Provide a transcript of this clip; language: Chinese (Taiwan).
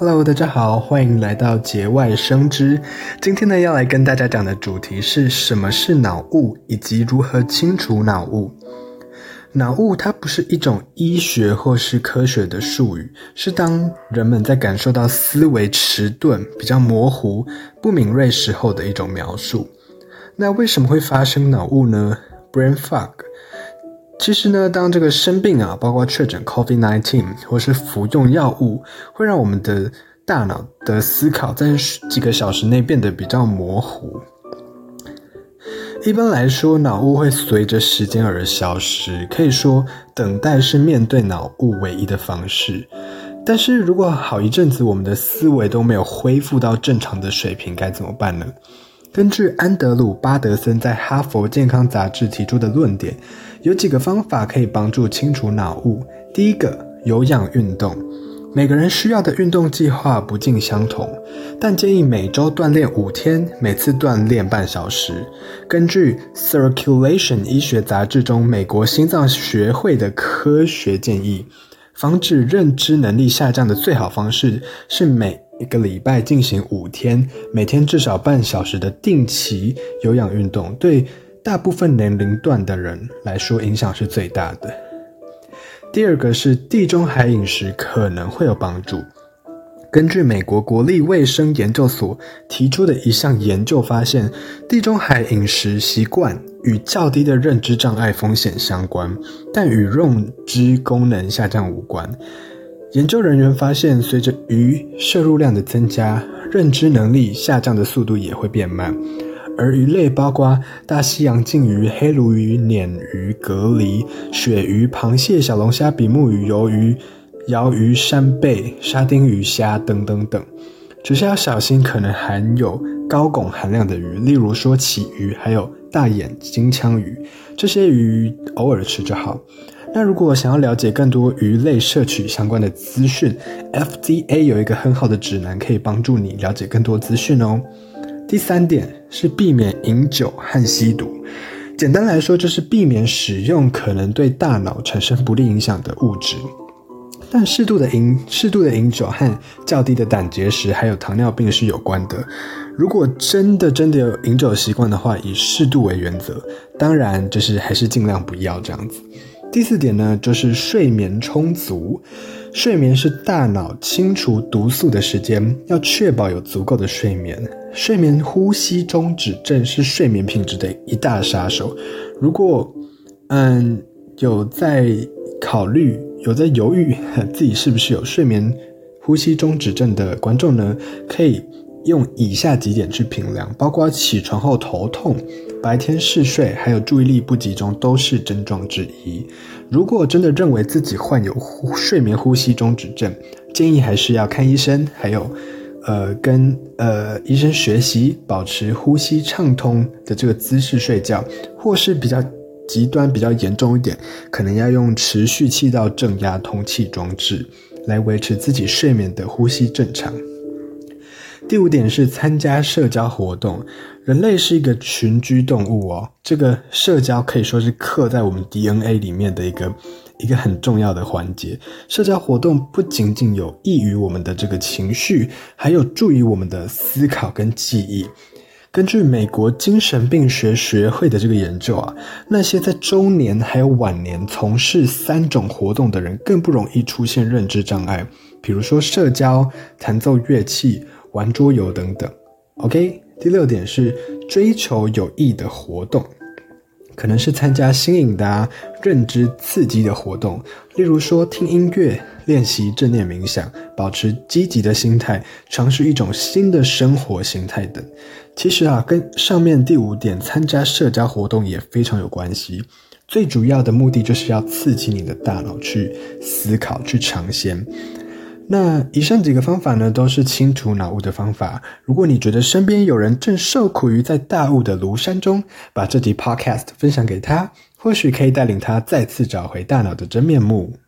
Hello，大家好，歡迎來到節外生枝。今天呢，要來跟大家講的主題是什麼是腦霧，以及如何清除腦霧。腦霧它不是一種醫學或是科學的術語，是當人們在感受到思維遲鈍、比較模糊、不敏銳時候的一種描述。那為什麼會發生腦霧呢？Brain fog。其實呢，當這個生病啊，包括確診 COVID-19 或是服用藥物，會讓我們的大腦的思考在幾個小時內變得比較模糊。一般來說，腦霧會隨着時間而消失，可以說等待是面對腦霧唯一的方式。但是如果好一陣子我們的思維都沒有恢復到正常的水平，該怎麼辦呢？根據安德魯·巴德森在《哈佛健康雜誌》提出的論點，有幾個方法可以幫助清除腦霧。第一個，有氧運動。每個人需要的運動計劃不盡相同，但建議每周鍛鍊五天，每次鍛鍊半小時。根據《Circulation》醫學雜誌中美國心臟學會的科學建議，防止認知能力下降的最好方式是每。一個禮拜進行五天，每天至少半小時的定期有氧運動，對大部分年齡段的人來說影響是最大的。第二個是地中海飲食可能會有幫助。根據美國國立衛生研究所提出的一項研究發現，地中海飲食習慣與較低的認知障礙風險相關，但與認知功能下降無關。研究人員發現，隨着魚攝入量的增加，認知能力下降的速度也會變慢。而魚類包括大西洋鯨魚、黑鱸魚、鯰魚、蛤蜊、鱈魚、螃蟹、小龍蝦、比目魚、魷魚、瑤魚、扇貝、沙丁魚蝦、蝦等等等。只是要小心，可能含有高汞含量的魚，例如說旗魚，還有大眼金槍魚。這些魚偶爾吃就好。那如果想要了解更多魚類攝取相關的資訊，FDA 有一個很好的指南可以幫助你了解更多資訊哦。第三點是避免飲酒和吸毒，簡單來說就是避免使用可能對大腦產生不利影響的物質。但適度的飲、適度的飲酒和較低的膽結石還有糖尿病是有關的。如果真的真的有飲酒習慣的話，以適度為原則，當然就是還是盡量不要這樣子。第四點呢，就是睡眠充足。睡眠是大腦清除毒素的時間，要確保有足夠的睡眠。睡眠呼吸中止症是睡眠品質的一大殺手。如果，嗯，有在考慮、有在猶豫自己是不是有睡眠呼吸中止症的觀眾呢，可以。用以下幾點去評量，包括起床後頭痛、白天嗜睡，還有注意力不集中，都是症狀之一。如果真的認為自己患有呼睡眠呼吸中止症，建議還是要看醫生，還有，呃，跟呃醫生學習保持呼吸暢通的這個姿勢睡覺，或是比較極端、比較嚴重一點，可能要用持續氣道正壓通氣裝置來維持自己睡眠的呼吸正常。第五點是參加社交活動。人類是一個群居動物哦，這個社交可以說是刻在我們 DNA 裡面的一個一個很重要的環節。社交活動不僅僅有益於我們的這個情緒，還有助於我們的思考跟記憶。根據美國精神病學學會的這個研究啊，那些在中年還有晚年從事三種活動的人，更不容易出現認知障礙，比如說社交、彈奏樂器。玩桌遊等等，OK。第六點是追求有益的活動，可能是參加新穎的、啊、認知刺激的活動，例如說聽音樂、練習正念冥想、保持積極的心態、嘗試一種新的生活形態等。其實啊，跟上面第五點參加社交活動也非常有關係。最主要的目的就是要刺激你的大腦去思考、去嘗鮮。那以上幾個方法呢，都是清除腦霧的方法。如果你覺得身邊有人正受苦於在大霧的廬山中，把這集 podcast 分享給他，或許可以帶領他再次找回大腦的真面目。